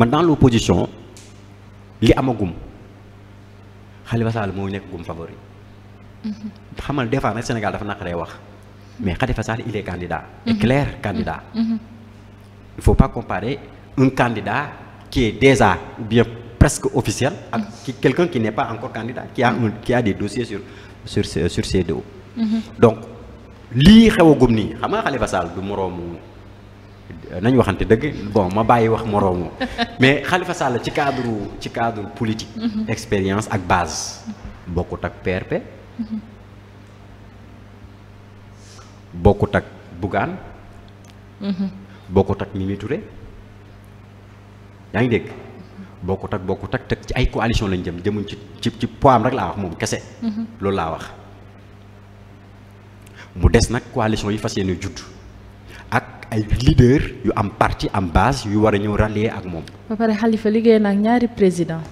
man dans l'opposition li amagum Khalifa Sall moo nekk gum favori. Mhm. xamal des fois nag Sénégal dafa naqaree wax mhm. mais Khalifa Sall il est candidat. et mhm. clair candidat. il faut pas comparer un candidat qui est déjà bien presque officiel ak qui quelqu'un qui n'est pas encore candidat qui a un qui a des dossiers sur sur sur ces donc lii xew a gum nii xam nga Khalifa du moroomu nañ waxante dëgg bon ma bàyyi wax moroomu mais Khalifa Sall ci cadre ci cadre politique. Mhm. expérience ak base. bokkut ak PRP. Mhm. bokkut ak Bougane. Mhm. bokkut ak Mimi Touré. yaa ngi dégg bokkut ak bokkut ak teg ci ay coalition lañ jëm jëmuñ ci ci ci poids rek laa wax moom kese. loolu laa wax. mu des nag coalition yi fa yéene judd ak. ay leader yu am parti am base yu war a ñëw rallier ak moom. ba pare Khalifa liggéey na ak ñaari président.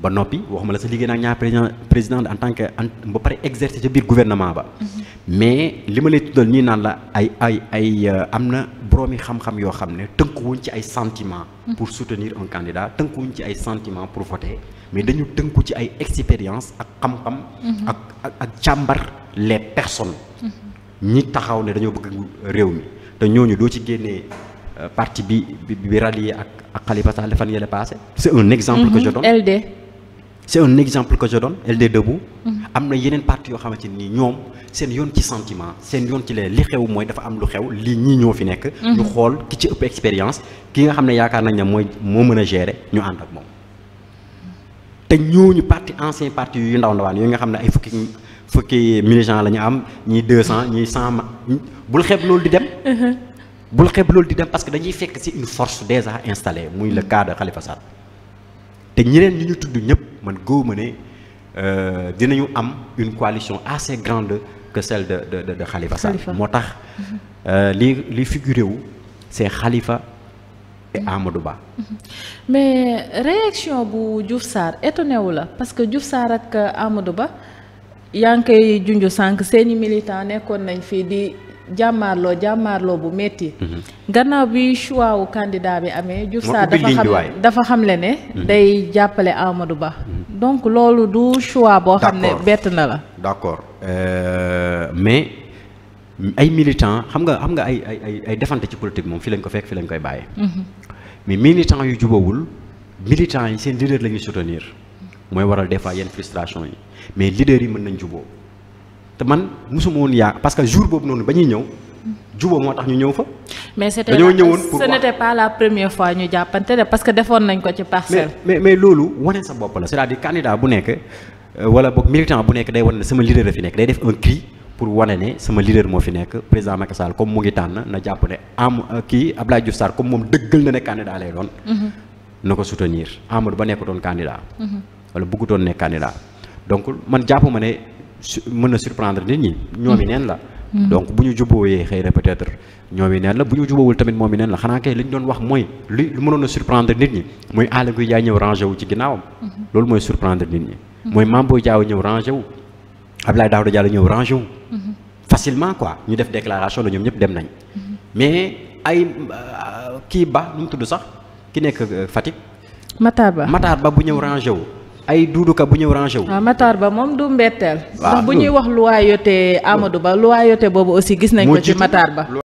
ba noppi waxuma la sa liggéey na ak ñaari président en tant que ba pare exercer ca biir gouvernement ba. Mhm. mais li ma lay tuddal ñii naan la ay ay ay euh, am na boroomi xam-xam yoo xam ne tënkuwuñ ci ay sentiments. Mhm. pour soutenir un candidat tënkuwuñ ci ay sentiments pour voter mais dañu tënku ci ay expérience ak xam-xam. Mhm. ak ak ak càmbar les personnes. ñi taxaw ne dañoo bëgg réew mi. te ñooñu doo ci génnee euh, parti bi bi rallié ak ak Khalifa Sall fan yële passé c' est mhm, un exemple que je donne LD c' exemple que je donne LD debout mhm. am na yeneen partie yoo xamante nii ñoom seen yoon ci sentiment seen yoon ci lee li xew mooy dafa am lu xew li ñii ñoo fi nekk lu mhm. xool ki ci ëpp expérience ki nga xam ne yaakaar nañ ne mooy moo mën a gérer ñu ànd ak moom te ñooñu parti ancien parti yu ndaw ndawaan yooyu nga xam ne ay fukki fukki militant la ñu am ñii deux ñii cent bul xeeb loolu di dem. Mhm. bul xeeb loolu di dem parce que dañuy fekk ci une force déjà installée muy le cas de Khalifa te ñeneen ñi ñu tudd ñëpp man góobu ne euh, dinañu am une coalition assez grande que celle de de de, de Khalifa moo tax mhm. euh, li li figuré wu c'est xalifa et mhm. Amadou Ba. mais réaction bu Diouf Sarr étonné la parce que Diouf ak Amadou Ba. yaa ngi koy junj sànq seen i nekkoon nañ fii di jàmmaarloo jàmmaarloo bu metti mhm. gannaaw bi choix wu candidat bi amee Diouf Sarr dafa xam dafa ne mhm. day jàppale Amadou Ba mhm. donc loolu du choix boo xam ne bett na la d'accord euh, mais ay militant xam nga xam nga ay ay ay defante ci politique moom fii lañ ko fekk fii lañ koy bàyyi mais militant yu jubawul militant yi seen leader la soutenir mooy waral des fois yenn frustration yi mais leader yi mën nañ juboo te man mosuma woon yaa parce que jour boobu noonu ba ñuy ñëw juboo moo tax ñu ñëw fa. mais c'était dañoo ñëwoon pour ce n'était pas la première fois ñu jàppante de parce que defoon nañ ko ci parcelle. mais mais mais loolu wane sa bopp la c'est-à-dire candidat bu nekk euh, wala bu nekk day wane ne sama leader la fi nekk day def un cri. pour wane ne sama leader moo fi nekk président Macky Sall comme mu ngi tànn na jàpp ne am euh, kii Abdoulaye Diouf Sarr comme moom dëggal na ne candidat lay doon. Mm-hmm. na ko soutenir Amadou wala bëggutoon ne candidat donc man jàpp ma ne mën na surprendre nit ñi ñoom yi mm-hmm. neen la mm-hmm. donc bu ñu jubóoyee xëy na peut-être ñoom yi neen la bu ñu jubóowul tamit moom yi neen la xanaa kay li ñu doon wax mooy li lu mënoon a surprendre nit ñi mooy Aly Ngouille Ndiaye ñëw rangé wu ci ginnaawam mm-hmm. loolu mooy surprendre nit ñi mooy Mame Boye Diao ñëw rangé wu Abdoulaye Daouda Diallo ñëw rangé wu facilement quoi ñu def déclaration la ñoom ñëpp dem nañ mais ay euh, kii ba mu tudd sax ki nekk euh, Fatick Matar Ba Matar Ba bu ñëw rangé wu ay duuduka bu ñëw rangé wu. waaw Matar Ba moom du mbetteel. ndax bu ñuy wax lu loyauté amadu Ba loyauté boobu aussi gis nañ ko ci Matar Ba.